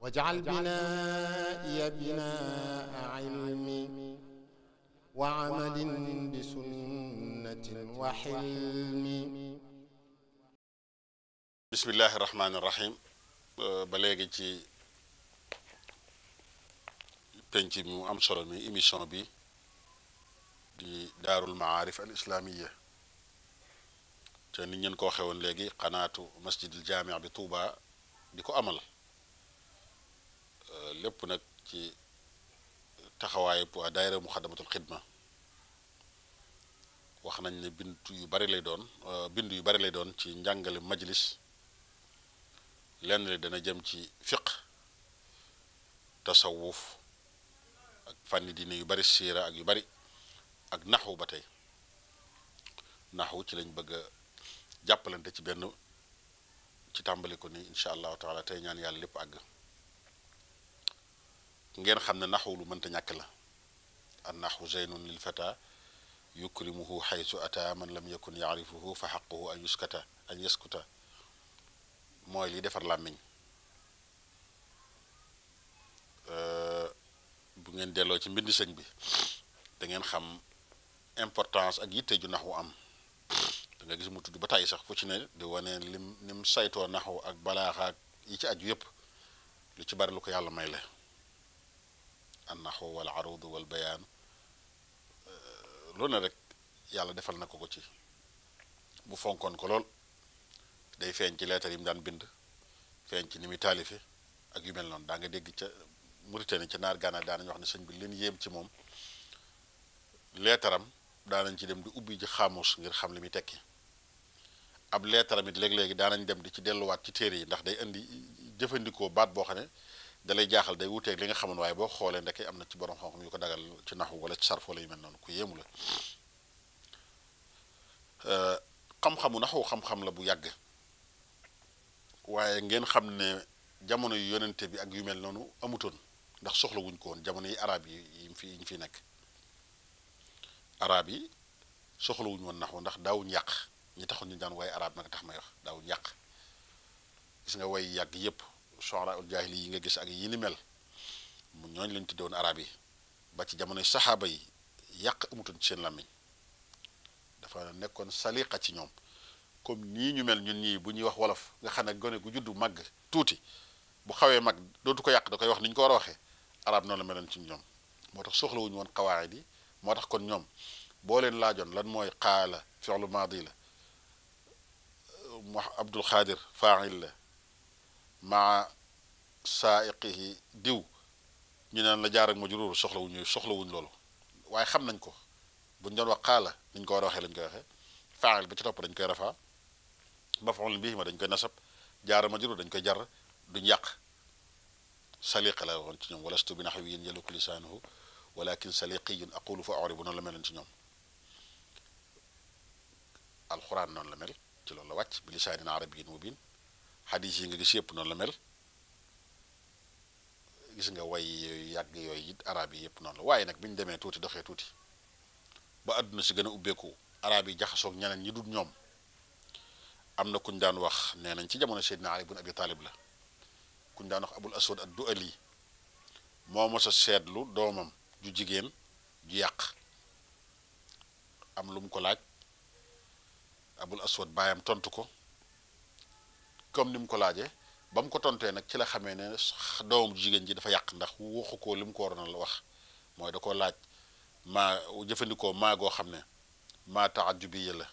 واجعل بنائي بناء علم وعمل بسنة وحلم بسم الله الرحمن الرحيم ba léegi ci penc mu am solo mi émission bi di daarul maarif al islaamiya te nit ñeen koo xewoon léegi xanaatu masjidil jaami bi Tuuba di ko amal lépp nag ci taxawaayu waa daayira muxaddamatul xidma wax nañ ne bindu yu bari lay doon euh, bind yu bari lay doon ci njàngale majlis lenn li dana jëm ci fiq tasawuf ak fànni diine yu bari siira ak yu bari ak naxu ba tey naxu ci lañ bëgg a jàppalante ci benn ci tàmbali ko ni incha allahu taala tey ñaan yàlla lépp àgg ngeen xam ne naxu lu mënta ñàkk la an naxu zeynun lil fata yukrimuhu xaytu ata man la lam yakun yaarifuhu fa xaquhu an yuskata an yaskuta mooy li defar làmmiñ bu ngeen delloo ci mbind sëñ bi da ngeen xam importance ak yitte ju naxu am danga nga gis mu tudd ba tàyyi sax fu ci ne di wane lim lim saytoo naxu ak balaaxa ak ci aju yépp lu ci bari lu ko yàlla may la annaxu wal arudu wal bayaan loolu ne rek yàlla defal na ko ko ci bu fonkoon ko lool day feeñ ci leetar yi mu daan bind feeñ ci ni muy taalife ak yu mel noonu daa nga dégg ca Mauritanie ca naar Gànnaar daanañu wax ne sëñ bi leen yéem ci moom leetaram daanañ ci dem di ubbi ji xaamus ngir xam li muy tekki ab leetaram it léeg-léegi daanañ dem di ci delluwaat ci téere yi ndax day indi jëfandikoo baat boo xam ne dalay jaaxal day wuteeg li nga xamoon waaye boo xoolee ndeke am na ci borom xam-xam yu ko dagal ci naxu wala ci sarf wala yu mel noonu ku yéemu la euh, xam xam la bu yàgg waaye ngeen xam ne jamono yu yonente bi ak yu mel noonu amutoon ndax soxla wuñ ko woon jamono yi araab yi yi fi yi fi nekk arab yi soxla wuñ woon naxu ndax daawuñ yàq ñi taxoon ñu daan waaye araab nag tax may wax daawuñ yàq gis nga way yàgg yépp shu'ara ul jaahili yi nga gis ak yi ni mel mu ñooñ lañ tuddewoon arab yi ba ci jamonoy saxaaba yi yàq amutoon ci seen làmmiñ dafa nekkoon saliqa ci ñoom comme nii ñu mel ñun ñii bu ñuy wax wolof nga xam ne gone gu juddu màgg tuuti bu xawee mag dootu ko yàq da koy wax ni ko war a waxee arab noonu la meloon ci ñoom moo tax soxlawuñu woon xawaayid yi moo tax kon ñoom boo leen laajoon lan mooy xaala fi'lu maadi la mu abdul xaadir faa'il la ma saaiqihi diw ñu naan la jaar ak majruur soxlawuñ yooyu soxlawuñ loolu waaye xam nañ ko buñ doon wax qaala niñ ko war a waxee lañ ko waxee faa'il ba ci topp dañ koy rafaa maf'uul bihi ma dañ koy nasab jaara majruur dañ koy jar duñ yàq saliqa la woon ci ñoom wa lastu bi nahwiyyin yaluuqu lisaanuhu walakin saliqiyyun aqulu fa a'ribu noonu la mel ci ñoom alxuraan noonu la mel ci loolu la wàcc bi lisaanin arabiyyin mubiin xadis yi nga gis yëpp noonu la mel gis nga way yàgg yooyu it arab yi yëpp noonu la waaye nag bi ñu demee tuuti doxee tuuti ba àdduna si gën a ubbeeku araab yi jaxasoog ñeneen ñi dul ñoom am na kuñ daan wax nee nañ ci jamono Seydina Ali ibn Abi Talib la kuñ daan wax Abul Aswad ad-Du'ali moo mos a seetlu doomam ju jigéen ju yàq am lum ko laaj Abul Aswad baayam tontu ko comme ni mu ko laajee ba mu ko tontee nag ci la xamee ne doomu jigéen ji dafa yàq ndax waxu ko li mu ko waroon a wax mooy da ko laaj maa jëfandikoo maa goo xam ne maa taajubiya la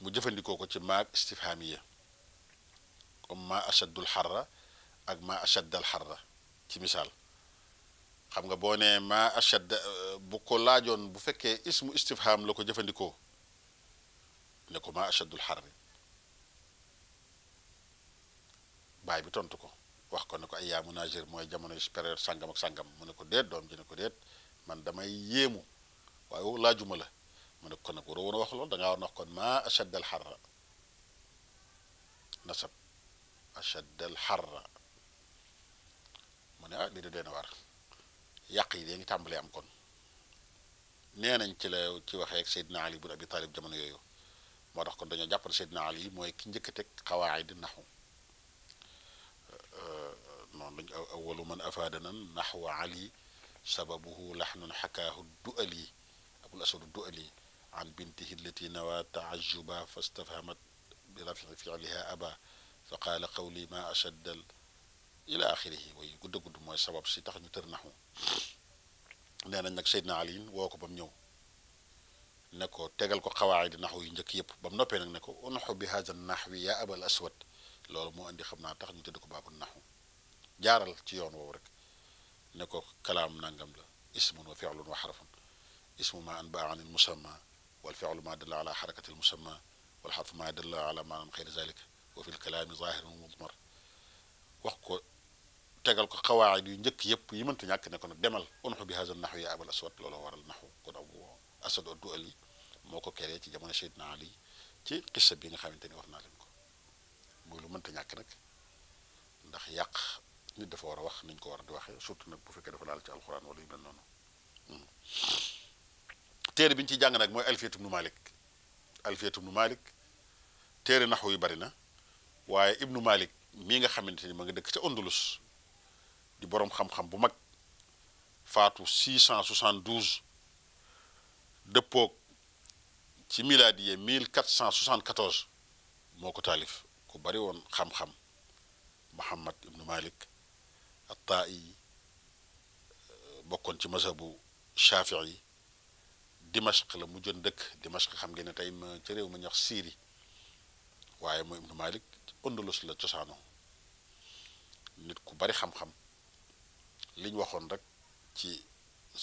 mu jëfandikoo ko ci maag istifhaamiya comme maa achaddul xarra ak maa achaddal xarra ci misaal xam nga boo nee maa achadda bu ko laajoon bu fekkee ismu la ko jëfandikoo ne ko maa achaddul xarri baay bi tontu ko wax ko ne ko ay yaa mooy jamono période sangam ak sàngam mu ne ko déet doom ji ko déet man damay yéemu waaye woo laajuma la mu ne ko nag waroo woon a wax loolu da ngaa war a wax kon maa ashaddal xarra nasab ashaddal xarra mu ne ah lii de deen war yàq yi dee ngi tàmbalee am kon nee nañ ci la ci waxee ak Seydina Ali bun Abi Talib jamono yooyu moo tax kon dañoo jàpp ne Seydina Ali mooy ki njëkk a teg xawaay di naxu noonu lañu aw awalu man afaadanan naxwa ali sababuhu laxnun xakaahu du'ali abul asadu du'ali an bintihi allati nawa taajuba fastafhamat birafi fiiliha aba fa qaala qawli ma ashaddal ila axirihi way gudd gudd mooy sabab si tax ñu tër naxu nee nañ nag Seydina Ali woo ko ba mu ñëw ne ko tegal ko xawaay di naxu yu njëkk yëpp ba mu noppee nag ne ko unxu bi haza naxwi yaa abal aswad loolu moo indi xam naa tax ñu tëdd ko baabu naxu jaaral ci yoon woowu rek ne ko kalaam nangam la ismun wa fi'lun wa xarfun ismu ma anbaa an il musamma wal fi'lu ma dalla ala xarakati il musamma wal xarfu ma dalla ala maanaam xeyri zalika wa fi l kalaami zahirun mudmar wax ko tegal ko xawaayid yu njëkk yëpp yi mënta ñàkk ne ko nag demal unxu bi haza naxu ya abal aswad loolu waral naxu kon abu asad addu ali moo ko keree ci jamono seydina ali ci xissa bi nga xamante ni wax naa leen ko muy lu mënta ñàkk nag ndax yàq nit dafa war a wax ni ko war a di waxee surtout nag bu fekkee dafa laal ci alxuraan wala yu mel noonu hmm. téere bi ñu ciy jàng nag mooy alfiyatum nu malik alfiyatum nu malik téere naxu yu bari na waaye ibnu malik mii nga xamante ni ma nga dëkk ca Andalus di boroom xam-xam bu mag faatu 672 dëppoog ci milaadiye 1474 moo ko taalif ku bari woon xam-xam Muhammad ibnu Malik attaa yi euh, bokkoon ci masabu shafii yi dimashq la mu jën dëkk dimashq xam ngeen ne tey ma ci réew ma ñax siiri waaye mooy ibnu malik la cosaano nit ku bari xam-xam liñ waxoon rek ci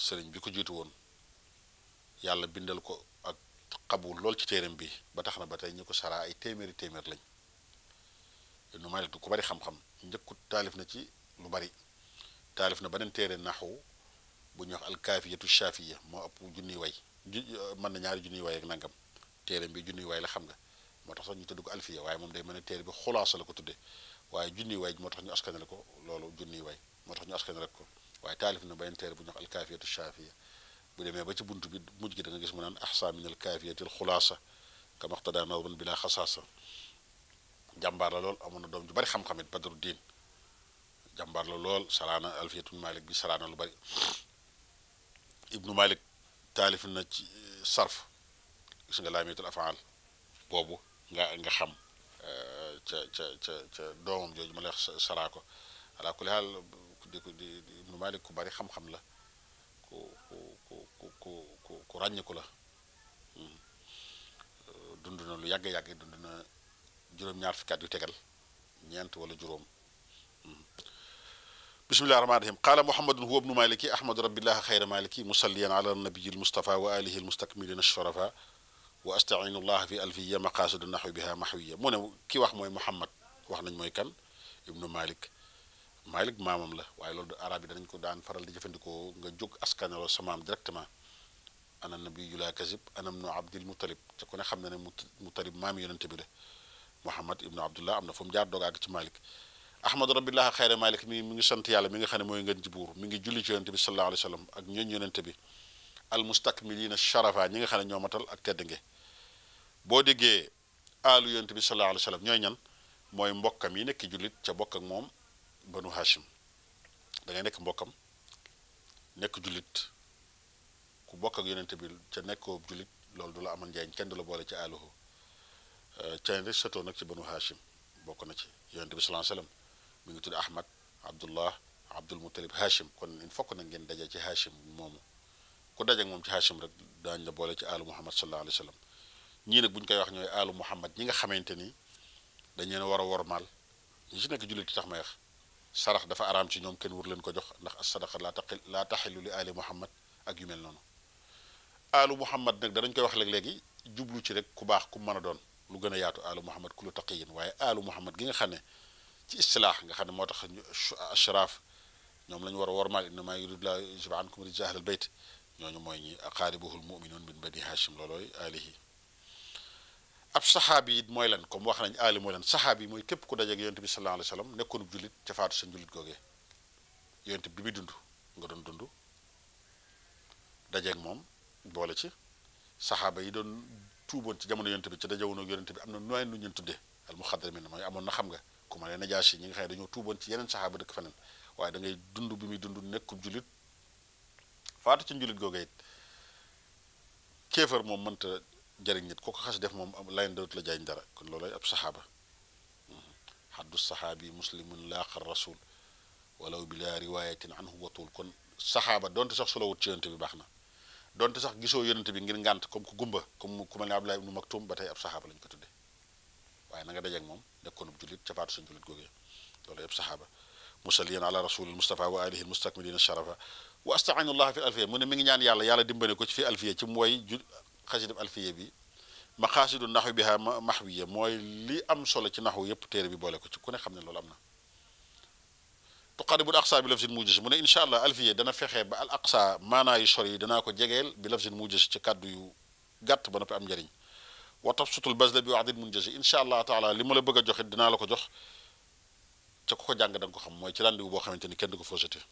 sëriñ bi ko jiitu woon yàlla bindal ko ak xabul lool ci téeram bi ba tax na ba tey ñu ko saraa ay téeméeri téeméer lañ ibnu malik du ku bari xam-xam njëkku taalif na ci lu bari taalif na beneen téere naxu bu ñuy wax alkaafiyatu shaafiya moo ëpp junniy way ju euh, mën na ñaari junniy way ak nangam téere bi junniy way la xam nga moo tax sax ñu tudd ko alfiya waaye moom day mel a téere bi xulaasa la ko tudde waaye junniy way moo tax ñu askanale ko loolu junniy way moo tax ñu askanale ko waaye taalif na ba beneen téere bu ñuy wax alkaafiyatu shaafiya bu demee ba ci bunt bi mujj gi da gis mu naan axsa min alkaafiyati alxulaasa kamaxtada nadman bila xasaasa jàmbaar la lool amoon na doom ju bari xam-xamit badru diin jàmbaar lool saraana alfiyatun malik bi saraana lu bari ibnu malik taalif na ci eh, sarf gis nga laamiyatul afaal boobu nga nga xam eh, ca ca ca doomam jooju ma lay wax saraa ko ala kulli haal ibnu malik ku bari xam-xam la ku ku ku ku ku ku la hmm. eh, dund na lu yàgg yàgg dund na juróom-ñaar fukki at yu tegal ñeent wala juróom hmm. bismillahi rahmani rahim qaala muhammadun huwa bnu maliki ahmadu rabillahi xayra maliki musalliyan ala nabiyi almustafa wa alihi almustakmilina asharafa wa astainu llah fi alfiya maqasidu nahwi biha mahwiya mu ne ki wax mooy muhammad wax nañ mooy kan ibnu malik malik maamam la waaye loolu arab yi danañ ko daan faral di jëfandikoo nga jóg askanelo sa maam directement ana nabiyu la kasib ana bnu abdil mutalib te ku ne xam na ne mutalib maami yonente bi la muhammad ibnu abdullah am na fu mu jaar doog àgg ci malik ahmadu rabillahi xayra malik mi mi ngi sant yàlla mi nga xam ne mooy ngeen ci buur mi ngi julli ci yonente bi sallallahu alayhi wa sallam ak bi al mustakmilina sharafa ñi xam ne ñoo matal ak tedd nge boo déggee aalu yonente bi sallallahu alayhi wa ñooy ñan mooy mbokkam yi nekk jullit ca bokk ak moom banu hashim da ngay nekk mbokkam nekk jullit ku bokk ak bi ca nekkoo jullit loolu du la amal njariñ kenn du la boole ci aaluhu ca rek sëtoo nag ci banu hashim bokk na ci yonente bi sallallahu wa sallam mu ngi tudd ahmad abdullah abdul muttalib hashim kon il fokk na ngeen daje ci hashim moomu ku daje ak moom ci hashim rek daañu la boole ci aalu muhammad sallallahu alayhi wa sallam ñii nag bu koy wax ñooy aalu muhammad ñi nga xamante ni dañ leen war a wormaal ñi ci nekk jullit tax may wax sarax dafa araam ci ñoom kenn wur leen ko jox ndax as-sadaqa laa taqil laa taxilu li aali muhammad ak yu mel noonu aalu muhammad nag danañ koy wax léeg-léegi jublu ci rek ku baax ku mën a doon lu gën a yaatu aalu muhammad ku lu taqiyin waaye aalu muhammad gi nga xam ne ci istilaax nga xam ne moo tax ñu ashraaf ñoom la ñu war a wormaal innama yuridullah yujiba ankum rijal ahlal bayt ñooñu mooy ñi aqaaribuhul muminuun min bani hashim loolooy aalihi ab saxaabi it mooy lan comme wax nañ aali mooy lan saxaabi yi mooy képp ku dajeeg yonent bi sallallahu alayhi wa sallam nekkoonub jullit ca faatu sa jullit googee bi muy dund nga doon dund dajeeg moom boole ci saxaaba yi doon tuuboon ci jamono yonent bi ca dajewunoog yonent bi am na nooy nu ñun tuddee al muxadramina mooy amoon na xam nga ku ma leen Najaasi ñi nga xam ne dañoo tuuboon ci yeneen saxaaba dëkk feneen waaye da ngay dund bi muy dund nekkub julit faatu ci njulit googa it kéefar moom mënta jëriñ nit ku ko xas def moom layn dawut la jaañ dara kon loolay ab saxaaba xaddu saxaabi muslimun laaqa rasul walaw bila riwayatin anhu watul kon saxaaba donte sax solo wut ci yonente bi baax na donte sax gisoo yonente bi ngir ngànt comme ku gumba comme ku mel ne Abdullah ibnu Maktum ba tey ab saxaaba lañ ko tudde waaye na nga dajeek moom nekkoonub jullit ca faatu suñ jullit googee loolu yëpp saxaaba musalliyan ala rasulil mustafa wa alihi mustakmilina sharafa wa astaanullaha fi alfiya mu ne mi ngi ñaan yàlla yàlla dimbane ko ci fi alfiya ci mooy ju xasidab alfiya bi maqaasidu naxwi biha maxwiya mooy li am solo ci naxwu yëpp téere bi boole ko ci ku ne xam ne loolu am na tuqaribul aqsa bi lafzin mujis mu ne incha allah alfiya dana fexe ba al aqsa maanaa yu sori yi danaa ko jegeel bi lafzin mujis ci kàddu yu gàtt ba noppi am njëriñ wa tabsutul bazla bi waxdin munjazi incha allah taala li ma la bëgg a joxe dinaa la ko jox ca ku ko jàng da nga ko xam mooy ci rendez-vous boo xamante ni kenn du ko foo jotee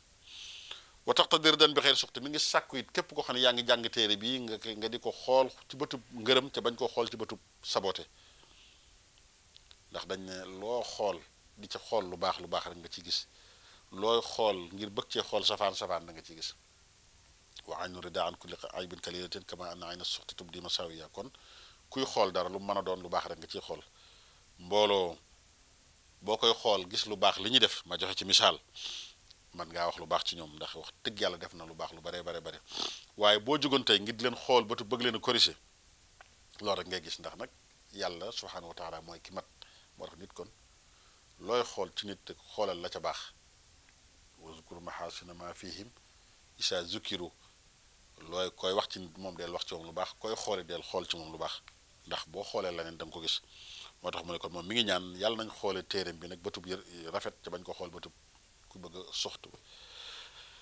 wa taqtadir dan bi xëy soxte mi ngi sàkku it képp ko xam ne yaa ngi jàng téere bii nga nga di ko xool ci bëtub ngërëm te bañ koo xool ci bëtub saboote ndax dañ ne loo xool di ca xool lu baax lu baax rek nga ci gis looy xool ngir bëgg cee xool safaan safaan da nga ci gis wa aynu rida an kulli aybin kalilatin kama anna ayna suxti tubdi masawiya kon kuy xool dara lu mën a doon lu baax rek nga ciy xool mbooloo boo koy xool gis lu baax li ñuy def ma joxe ci misaal man ngaa wax lu baax ci ñoom ndax wax dëgg yàlla def na lu baax lu baree bare bare waaye boo jugoon ngir di leen xool ba tu bëgg leen a loolu ngay gis ndax nag yàlla subhaanahu wa taala mooy ki mat moo nit kon looy xool ci nit xoolal la ca baax wazkur mahasina ma fihim isa zukiru looy koy wax ci nit moom del wax ci moom lu baax koy xooli del xool ci moom lu baax ndax boo xoolee la da nga ko gis moo tax mu ne kon moom mi ngi ñaan yàlla nañ xoole téereem bi nag bëtub yër rafet ca bañ ko xool bëtub ku bëgg a soxtu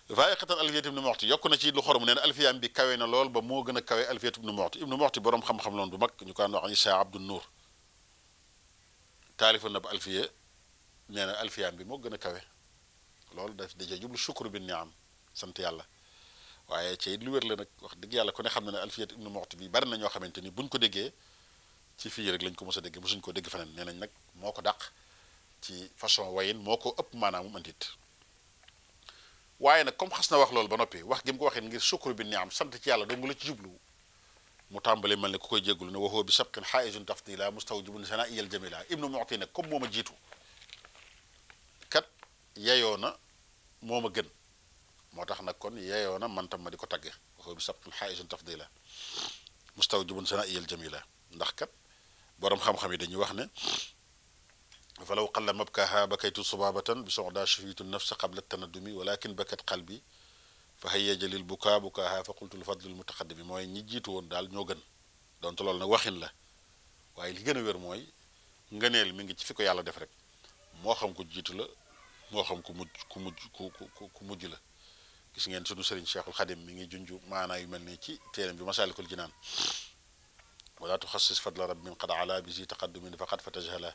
waaye xatan alfiyat ibnu moxti yokk na ci lu xorom nee na alfiyaam bi kawe na lool ba moo gën a kawe alfiyat ibnu moxti ibnu moxti boroom xam-xam loon bu mag ñu ko wax Isaa Abdu Nuur taalifa na ba alfiya nee na bi moo gën a kawe loolu daf daje jublu sukkur bi ni am sant yàlla waaye ci lu wér la nag wax dëgg yàlla ko ne xam na ne alfiyat ibnu moxti bi bari na ñoo xamante ni buñ ko déggee ci fii rek lañ ko mos a dégg suñ ko dégg feneen nee nañ nag moo ko dàq ci façon wayin moo ko ëpp maanaam mu andit waaye nag comme xas na wax loolu ba noppi wax gi mu ko waxee ngir sukkur bi ni am sant ci yàlla dong la ci jublu mu tàmbali mel ne ku koy jéggul ne waxoo bi sabqin xaaijun tafdila mustawjibun sana iyal jamila bu muti nag comme moom a jiitu kat yeyoo na moom gën moo tax nag kon yeyoo na man tam ma di ko tagge waxoo bi sabqin xaaijun tafdila mustawjibun sana iyal jamila ndax kat borom xam-xam yi dañuy wax ne falaw qalla mabkaha bakaytu subabatan bi soxda shafitu nafsa qabla tanadumi walakin bakat qalbi fa hayyaja lil bukaa bukaaha fa qultu li fadlil bi mooy ñi jiitu woon daal ñoo gën donte loolu nag waxin la waaye li gën a wér mooy ngëneel mi ngi ci fi ko yàlla def rek moo xam ku jiitu la moo xam ku mujj ku mujj ku ku mujj la gis ngeen sunu sëriñ Cheikhul Xadim mi ngi junj maanaa yu mel nii ci téeram bi Masaalikul Jinaan wala tuxasis fadla rabbin qad ala bi zi taqaddumin faqad fatajhala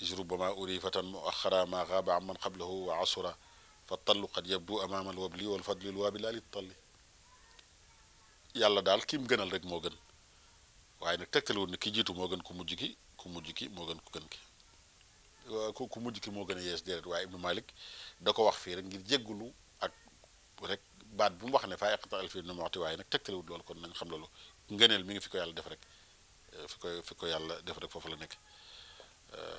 is rubbama urifatan muaxara ma xaaba amman qablahu wa asura fa tallu qad yabdu amaama alwabli walfadli lwaabi laa littalli yàlla daal ki mu gënal rek moo gën waaye nag tegtalewul ne ki jiitu moo gën ku mujj ki moo gën ku gën ki ku mujj ki moo gën a yees waaye Ibnu Malik da wax fii rek ngir jéggulu rek baat bu mu wax ne faa yàqata alfi nu moxti waaye nag tegtaliwut loolu kon nañ xam loolu ngëneel mi ngi fi ko yàlla def rek euh, ko fi yàlla def rek foofu la nekk euh,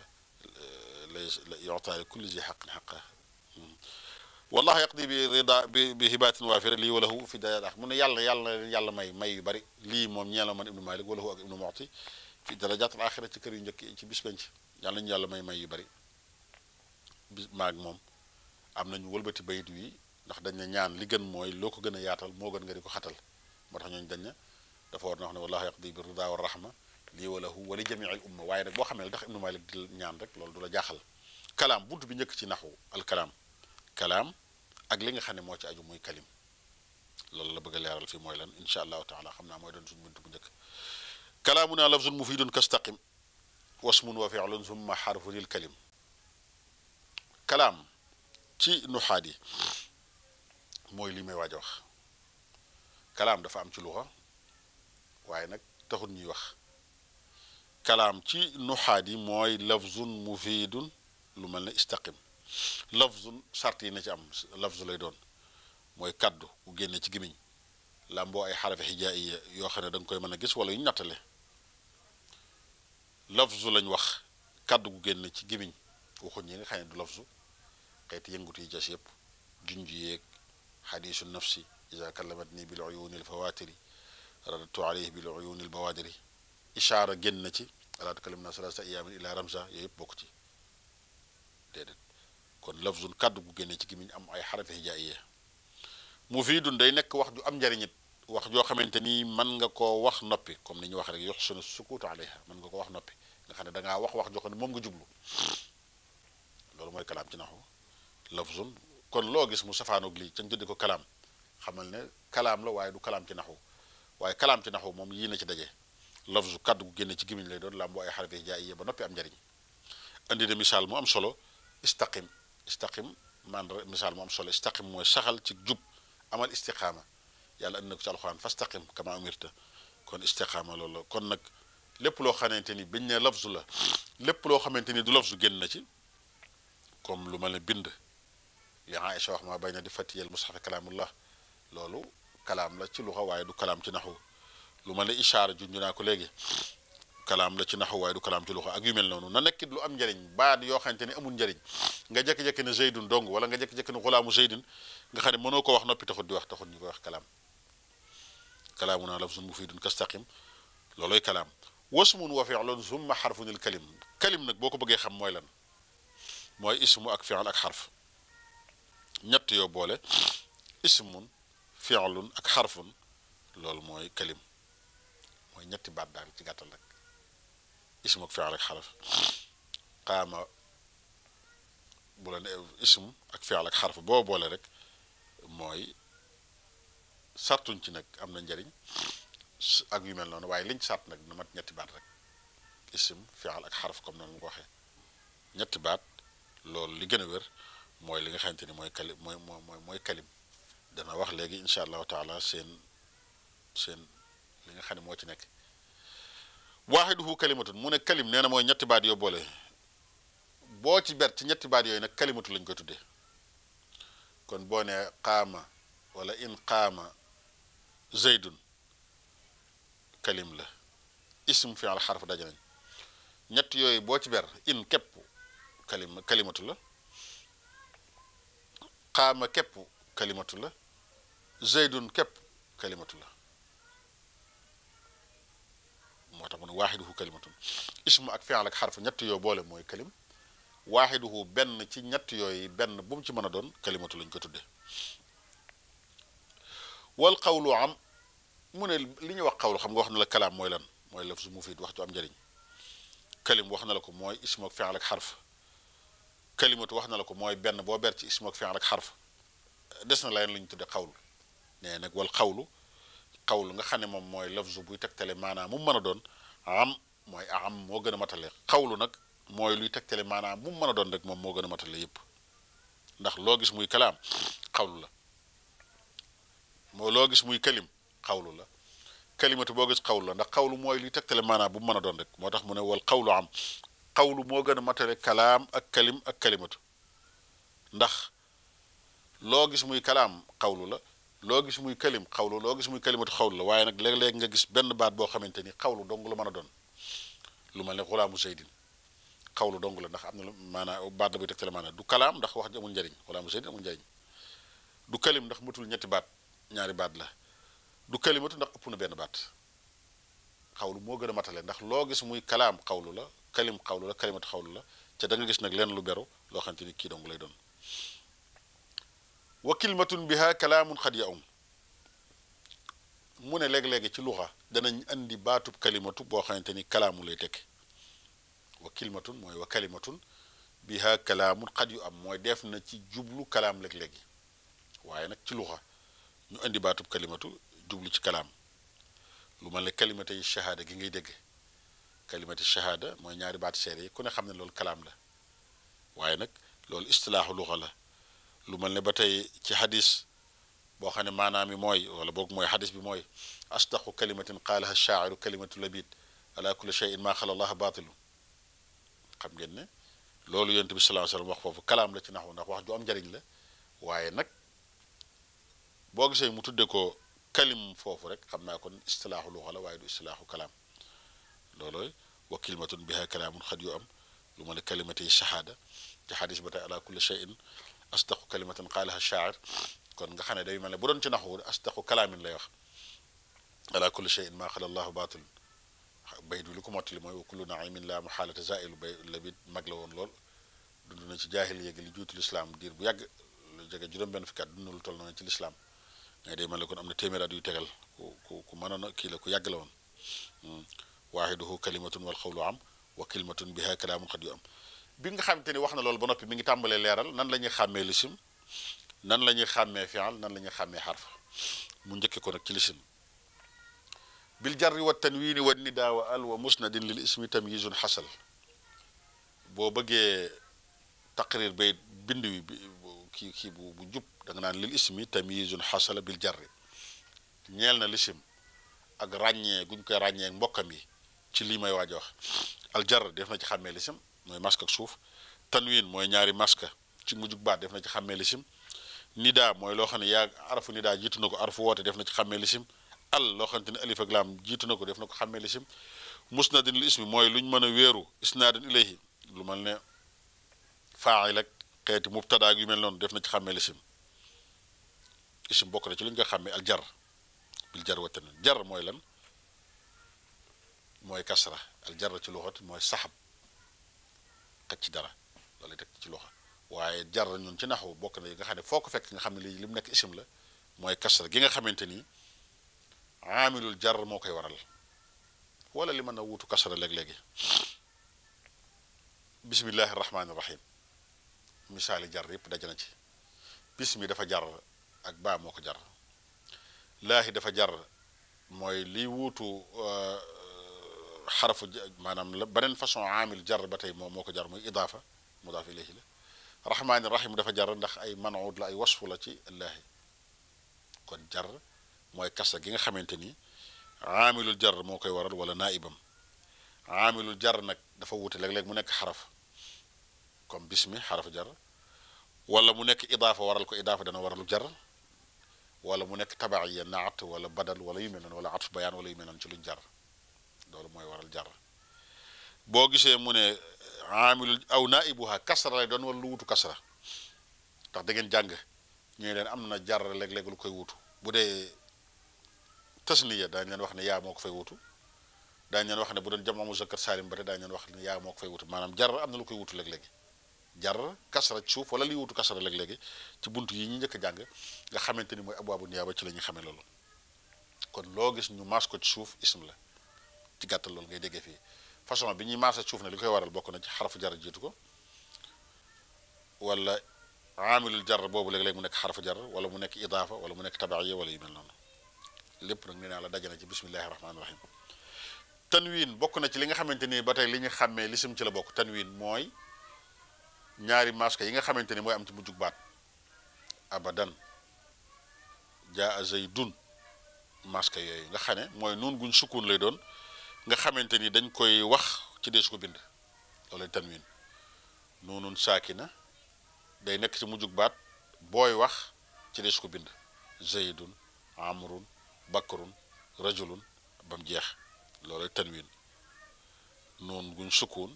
la yoxtaale kulli ji xaqin xaqa hmm. wallahu yaqdi bi rida bi bi hibaatin waafira lii walahu fi daraja mu ne yàlla yàlla yàlla may may yu bari lii moom ñeela man ibnu malik walahu ak ibnu moxti fi darajaat al axira ci kër yu njëkk ci bis benc yàlla ñu yàlla may may yu bari bis maag moom am nañu wëlbati bayit wi ndax dañ ne ñaan li gën mooy loo ko gën a yaatal moo gën nga di ko xatal moo tax ñooñu dañ na dafa war na wax ne wallahu yaqdi bi rida wa li lii wala hu wali jamii al umma waaye nag boo xamee ndax ñaan rek loolu du la jaaxal kalaam bunt bi njëkk ci naxu al kalaam ak li nga xam ne moo ci aju muy kalim loolu la bëgg a leeral fii mooy lan incha allahu taala xam naa mooy doon suñu bunt bu njëkk kalaamuna lafzun mufidun kastaqim wasmun wa fi'lun summa xarfu lil kalim kalaam ci nuxaat yi mooy li may waaj wax kalaam dafa am ci luxa waaye nag taxul ñuy wax kalaam ci nuxaat yi mooy lafzun mufidun lu mel ne istaqim lafzun sart yi na ci am lafzu lay doon mooy kaddu bu génne ci gémmiñ làmboo ay xarafe xijaayiya yoo xam ne da koy mën a gis wala yu ñu nattale lafzu lañ wax kaddu gu génne ci gémmiñ waxuñ yi nga xam ne du lafzu xeeti yëngutu yi jas yëpp junj yeeg xadiisu nafsi ida kallamat nii bil uyuuni alfawaatiri radatu alayhi bil uyuuni albawaadiri ishaara génn na ci alaa tukallimnaa salaasa ayaamin ilaa ramza yooyu yëpp bokk ci déedéet kon lafzun kàddu gu génne ci gémmiñ am ay xarafi hijaaiya mufiidun day nekk wax ju am njariñit wax joo xamante ni mën nga koo wax noppi comme ni ñu wax rek yuxsinu sukuutu alayha mën nga ko wax noppi nga xam ne dangaa wax wax joo xam ne moom nga jublu loolu mooy kalaam ci naxu lafzun kon loo gis mu safaanoog lii ca ñu ko kalaam xamal ne kalaam la waaye du kalaam ci naxu waaye kalaam ci naxu moom yii na ci daje lafzu kàddu gu génne ci gémmiñ lay doon làmbu ay xarfe jaay ba noppi am njariñ indi de misaal mu am solo istaqim istaqim man misaal mu am solo istaqim mooy saxal ci jub amal istiqaama yàlla indi na ko ci alxuraan fastaqim kama umirta kon istiqaama loolu la kon nag lépp loo xamante ni biñ ne lafzu la lépp loo xamante ni du lafzu génn na ci comme lu ma la bind ya Aïcha wax ma bay na di fatiyal musxafi kalaamullah loolu kalaam la ci luxa waaye du kalaam ci naxu lu ma la ishaara junju naa ko léegi kalaam la ci naxu waaye du kalaam ci luxa ak yu mel noonu na nekkit lu am njëriñ baat yoo xamante ni amul njëriñ nga jékki-jékki ne zeydun dong wala nga jékki-jékki ne xulaamu zeydun nga xam ne mënoo ko wax noppi taxut di wax taxut ñu koy wax kalaam kalaamu naa lafzun mufiidun kastaqim looloy kalaam wasmun wa fi'lun summa xarfunil kalim kalim nag boo ko bëggee xam mooy lan mooy ismu ak fi'l ak xarf ñett yoo boole ismun fi'lun ak xarafun loolu mooy kalim mooy ñetti baat daal ci gàttal rek ism ak fi'l ak xarf qaama bu la ne ism ak fi'l ak xarf boo boole rek mooy sartuñ ci nag am na njariñ ak yu mel noonu waaye liñ sart nag dina mat ñetti baat rek ism fi'l ak xarf comme noonu mu ko waxee ñetti baat loolu li gën a wér mooy li nga xamante ni mooy kalim mooy mooy mooy kalim dana wax léegi incha allah taala seen seen li nga xam ne moo ci nekk waaxiduhu kalimatun mu ne kalim nee na mooy ñetti baat yoo boole boo ci ber ci ñetti baat yooyu nag kalimatu lañ koy tudde kon boo nee qaama wala in qaama zaydun kalim la ism fi al xarf daje nañ ñett yooyu boo ci ber in képp kalim la xaama képp kalimatu la zeydun képp kalimatu la moo tax mu ne waaxiduhu kalimatun ismu ak fi'l ak xarf ñett yooyu boole mooy kalim waaxiduhu benn ci ñetti yooyu benn bu mu ci mën a doon kalimatu lañ ko tuddee wal xawlu am mu ne li ñuy wax xawlu xam nga wax na la kalaam mooy lan mooy laf su mu wax ci am njëriñ kalim wax na la ko mooy ismu ak fi'l ak xarf kalimatu wax na la ko mooy benn boo ber ci ism ak fi'l ak xarf des na layeen lu ñu tudde xawlu nee nag wal xawlu xawlu nga xam ne moom mooy lafzu buy tegtale maanaam mu mën a doon am mooy am moo gën a matale xawlu nag mooy luy tegtale maanaam mu mën a doon rek moom moo gën a matale yépp ndax loo gis muy kalaam xawlu la moo loo gis muy kalim xawlu la kalimatu boo gis xawlu la ndax xawlu mooy luy tegtale maanaam bu mën a doon rek moo tax mu ne wal xawlu am xawlu moo gën a matale kalaam ak kalim ak kalimatu ndax loo gis muy kalaam xawlu la loo gis muy kalim xawlu loo gis muy kalimatu xawlu la waaye nag léeg-léeg nga gis benn baat boo xamante ni xawlu dong la mën a doon lu mel ne xulaamu seydin xawlu dong la ndax am na lu maanaam baat la buy tegtale du kalaam ndax wax ji njariñ xulaamu seydin amul njariñ kalim ndax matul ñetti baat ñaari baat la du kalimatu ndax ëpp na benn baat xawlu moo gën a matale ndax loo gis muy kalaam xawlu la kalim xawlu la kalimatu xawlu la ca da gis nag leen lu beru loo xamante ni kii dong lay doon wa kalimatun biha kalaamun xad ya mu ne léeg-léegi ci luxa danañ andi baatub kalimatu boo xamante ni kalaamu lay tekki wa kalimatun yu am mooy def na ci jublu kalaam léeg-léegi waaye nag ci luxa ñu indi baatub kalimatu jublu ci kalaam lu mel ne kalimata yi gi ngay dégg kalimati shahada mooy ñaari baati seere yi ku ne xam ne loolu kalaam la waaye nag loolu istilaaxu luxa la lu mel ne ba tey ci hadis boo xam ne maanaam bi mooy wala boog mooy hadis bi mooy asdaqu kalimatin qaalaha shaa'iru kalimatu labid ala kulli shay'in maa xala allaha baatilu xam ngeen ne loolu yonent bi sallallahu alayhi wax foofu kalaam la ci naxu ndax wax ju njariñ la waaye nag boo gisee mu tudde ko kalim foofu rek xam naa kon istilaaxu luxa la waaye du istilaaxu kalaam loolu wa kalimatun biha kalaamun xat yu am lu ma ne kalimate yi shahaada ci xadis ba tey ala kulli shay'in asdaqu kalimatan qaalaha shaa'ir kon nga xam ne day mel ne bu doon ci naxwu asdaqu kalaamin lay wax ala kulli shay'in maa xala allahu baatil bayit bi lu ko mottali mooy wa kullu naimin la muxaalata zailu bay la bi mag la lool dund na ci jaahil yéegi li juutu lislaam diir bu yàgg lu jege juróom-benn fukki at dund na lu toll noonu ci day mel ne kon am na téeméer at tegal ku ku ku a kii la ku yàgg la woon hmm. waaxiduhu kalimatun wal xawlu am wa kalimatun bi kalaamun xad yu am bi nga xamante ni wax na loolu ba noppi mu ngi tàmbalee leeral nan la ñuy xàmmee lisim nan la ñuy xàmmee fial nan la ñuy xàmmee xarfa mu njëkkee ko nag ci lisim bil jarri wa tanwiini wa nidaa wa al wa musnadin lil ismi tamyiizun xasal boo bëggee taqrir bay bind wi kii kii bu bu jub da nga naan lil ismi tamyiizun xasala bil jarri ñeel na lisim ak ràññee guñ koy ràññee mbokkam yi ci lii may waaj a wax aljar def na ci xàmmee lisim mooy masque ak suuf tanwin mooy ñaari masque ci mujjug baat def na ci xàmmee lisim nida mooy loo xam ne yaa arafu nidaa jiitu na ko arafu woote def na ci xàmmee lisim al loo xamante ne alif ak laam jiitu na ko def na ko xàmmee lisim musnadin li ismi mooy lu ñu mën a wéeru isnaadin ilayhi lu mel ne faa'il ak xeeti mubtadaa yu mel noonu def na ci xàmmee lisim isim bokk na ci lu ñu ko xàmmee aljar bil jar wa jar mooy lan mooy kasra al jar ci loxo mooy saxab xëcc ci dara loolu ci loxo waaye jarra ñun ci naxu bokk na yi nga xam ne foo ko fekk nga xam ne lii li mu nekk la mooy kasra gi nga xamante ni aamilul jarr moo koy waral wala li mën a wuutu kasra léeg-léegi bismillahi rahmaani rahim misaali jar yëpp daje na ci bismi dafa jar ak baa moo ko jar laahi dafa jar mooy liy wuutu euh, xarafu maanaam la beneen façon amil jar ba tey moo moo ko jar muy idaafa mudaaf ilayhi la rahmaani rahim dafa jar ndax ay manuud la ay wasfu la ci allaahi kon jar mooy kasa gi nga xamante ni aamilul jar moo koy waral wala naaibam aamilul jar nag dafa wuute léeg-léeg mu nekk xaraf comme bismi xaraf jar wala mu nekk idaafa waral ko idaafa dana waralu jar wala mu nekk tabaciya naat wala badal wala yu mel noonu wala atf bayaan mel noonu ci luñ jar loolu mooy waral jar boo gisee mu ne amilul aw naa naibuha kasra lay doon wala lu wutu kasra ndax da ngeen jàng ñu leen am na jar léeg-léeg lu koy wutu bu dee tasniya daañu leen wax ne yaa moo ko fay wutu daañu leen wax ne bu doon jamaa muzakkar saalim ba te daañu leen wax ne yaa moo ko fay wutu maanaam jar am na lu koy wutu léeg-léeg jar kasra ci suuf wala liy wutu kasra léeg-léegi ci bunt yi ñu njëkk a jàng nga xamante ni mooy abu abwaabu niyaaba ci la ñuy xamee loolu kon loo gis ñu mas ko ci suuf isim la ci gàttal loolu ngay déggee fii façon bi ñuy maasa suuf na li koy waral bokk na ci xarfu jar jiitu ko wala amilul jar boobu léeg-léeg mu nekk xarfu jar wala mu nekk idaafa wala mu nekk tabaxiya wala yu mel noonu lépp nag nee naa la daje na ci bismillahi rahmaani rahim tanwin bokk na ci li nga xamante ni ba tey li ñu li lisim ci la bokk tanwin mooy ñaari maska yi nga xamante ni mooy am ci mujjug baat abadan jaa zaydun maska yooyu nga xam ne mooy nuun guñ sukkuun lay doon nga xamante ni dañ koy wax ci dees ko bind loolay tanwin noonu saakina day nekk ci mujjug baat booy wax ci dees ko bind zaydun amrun bakrun rajulun bam jeex loolay tanwin noonu guñ sukkuun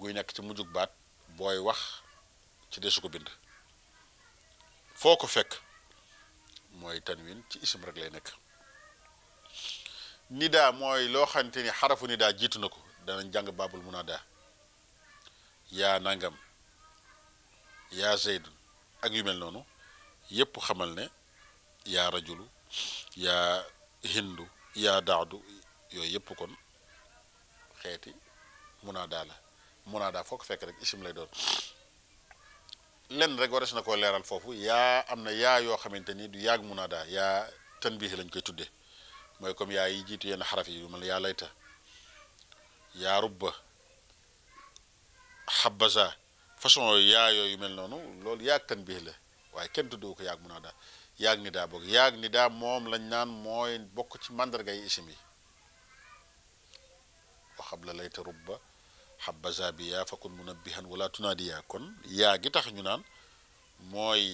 guy nekk ci mujjug baat booy wax ci deesu ko bind foo ko fekk mooy tanwin ci isim rek lay nekk nidaa mooy loo xamante ni xarafu nidaa jiitu na ko danañ jàng baabul munaadaa yaa nangam yaa zeydu ak yu mel noonu yépp xamal ne yaa rajulu yaa hindu yaa daadu yooyu yépp kon xeeti munaadaa la munaadaa foo fekk rek isim lay doon lenn rek waras na koo leeral foofu yaa am na yaa yoo xamante ni du yaag munaadaa yaa tanbiih lañ koy tuddee mooy comme yaa yi jiitu yenn xaraf yi yu mel yaa layta yaa rubba xabaza façon yooyu yaa mel noonu loolu yaag tan bii la waaye kenn tuddoo ko yaag mun a daal yaag ni daa boog yaag ni daa moom lañ naan mooy bokk ci màndargay isim yi wa xab la layta rubba xabaza bi yaa fakun munabbihan wala tunaadi yaa kon yaa gi tax ñu naan mooy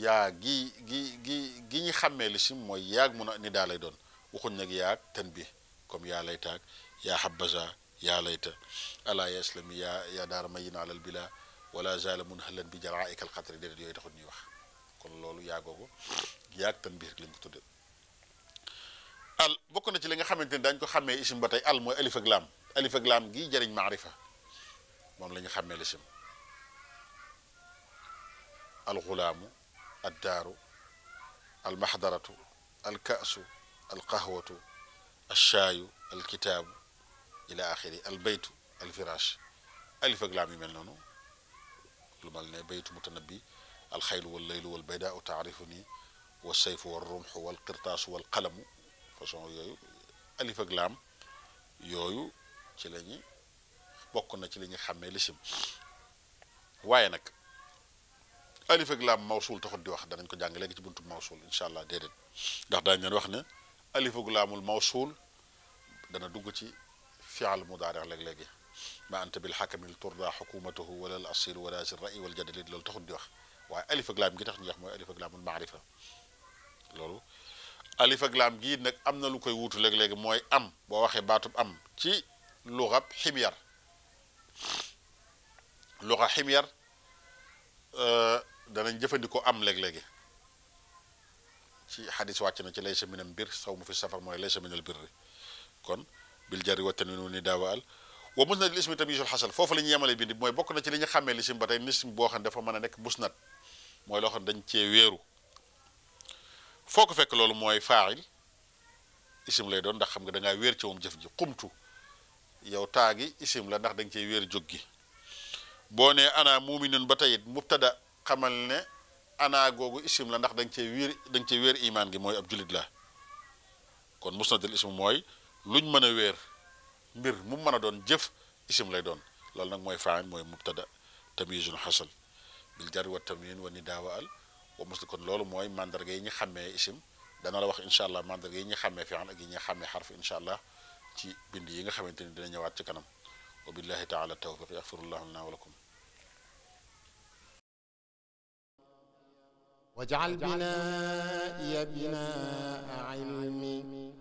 yaa gi gi gi gi ñu xàmmee li si mooy yaag mun a ni daal lay doon waxuñ nag yaag ten bi comme yaa lay taag yaa xabaza yaa layta ala ya islami yaa yaa daara mayina alal bila wala zala mun halan bi jaraa ikal xatri déedéet yooyu taxut ñuy wax kon loolu yaagoogu yaag tan bi rek lañ ko al na ci li nga xamante ni dañ ko xàmmee isim ba tey al mooy alif ak laam alif ak laam maarifa moom lañu ñu xàmmee lisim addaaru almaxdaratu alkaasu alqahwatu alchaayu alkitaabu ila axiri albeytu alfirash alif ak laam yu mel noonu lu mel ne baytu mutanabbi alxaylu wallaylu walbaydaau taarifu nii wa sayfu wa rumxu wal qirtaasu wal qalamu façon yooyu alif ak laam yooyu ci la ñu bokk na ci li ñu xàmmee lisim waaye nag alif ak laam mawsul taxut di wax danañ ko jàng léegi ci buntu mawsul incha allah déedéet ndax daañu leen wax ne alif ak laamul mawsul dana dugg ci fial mudaari léeg-léegi ma anta bil xakamil turda xukumatuhu wala al asil wala si di wax waaye alif ak laam gi tax ñuy wax mooy alif ak laamul maarifa laam gii nag am na lu koy wuutu léeg-léegi mooy am boo waxee baatub am ci luxab ximyar luxa ximyar euh, danañ jëfandikoo am léeg-léegi ci xadis wàcc na ci laysa minal bir saw mu fi safar mooy laysa minal birri kon bil jari wa tanwiin ni daawaal wa musnad ismi tamyiizul xasal foofu la ñuy yemale bindi mooy bokk na ci li ñu xàmmee lisim ba tey lisim boo a mooy loo xam cee wéeru ko fekk loolu mooy faa'il isim lay doon ndax xam nga da ngaa wéer ci moom jëf ji xumtu yow taagi isim la ndax dañ nga cee wéer jóg gi boo nee ana muuminun ba tey mubtada xamal ne ana googu isim la ndax dang nga cee wéer da nga imaan gi mooy ab julit la kon musnadul ism mooy luñ mën a weer mbir mu mën a doon jëf isim lay doon loolu nag mooy faan mooy mubtada tamyizun xasal bil jar wa tamyin wa nidaa wa al wa kon loolu mooy mandarga yi ñu xàmmee isim dana la wax incha allah mandarga yi ñu xàmmee fi'il ak yi ñu xar xarf incha allah ci bind yi nga xamante ni dina ñëwaat ci kanam wa billahi taala tawfiq yaxfirullahu lana wa lakum واجعل بنائي بناء علم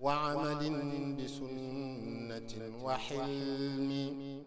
وعمل بسنة وحلم